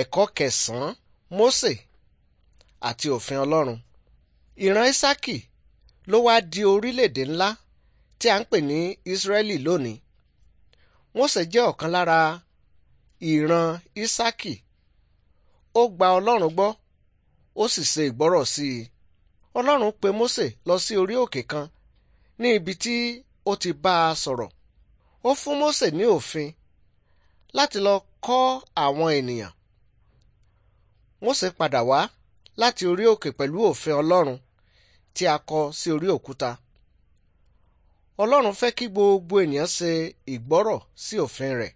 ẹ̀kọ́ kẹsàn-án Mósè àti òfin Ọlọ́run ìran isaki ló wá di orílẹ̀-èdè ńlá tí a ń pè ní Ísírẹ́lì lónìí Mósè jẹ́ ọ̀kan lára ìran Ísákì ó gba Ọlọ́run gbọ́ ó sì ṣe ìgbọ́rọ̀ sí i Ọlọ́run pe Mósè lọ sí orí òkè kan ní ibi tí ó ti bá a sọ̀rọ̀ ó fún Mósè ní òfin láti lọ kọ́ àwọn ènìyàn wọ́n sì padà wá láti orí òkè pẹ̀lú òfin ọlọ́run tí a kọ sí orí òkúta. ọlọ́run fẹ́ kí gbogbo ènìyàn ṣe ìgbọ́rọ̀ sí òfin rẹ̀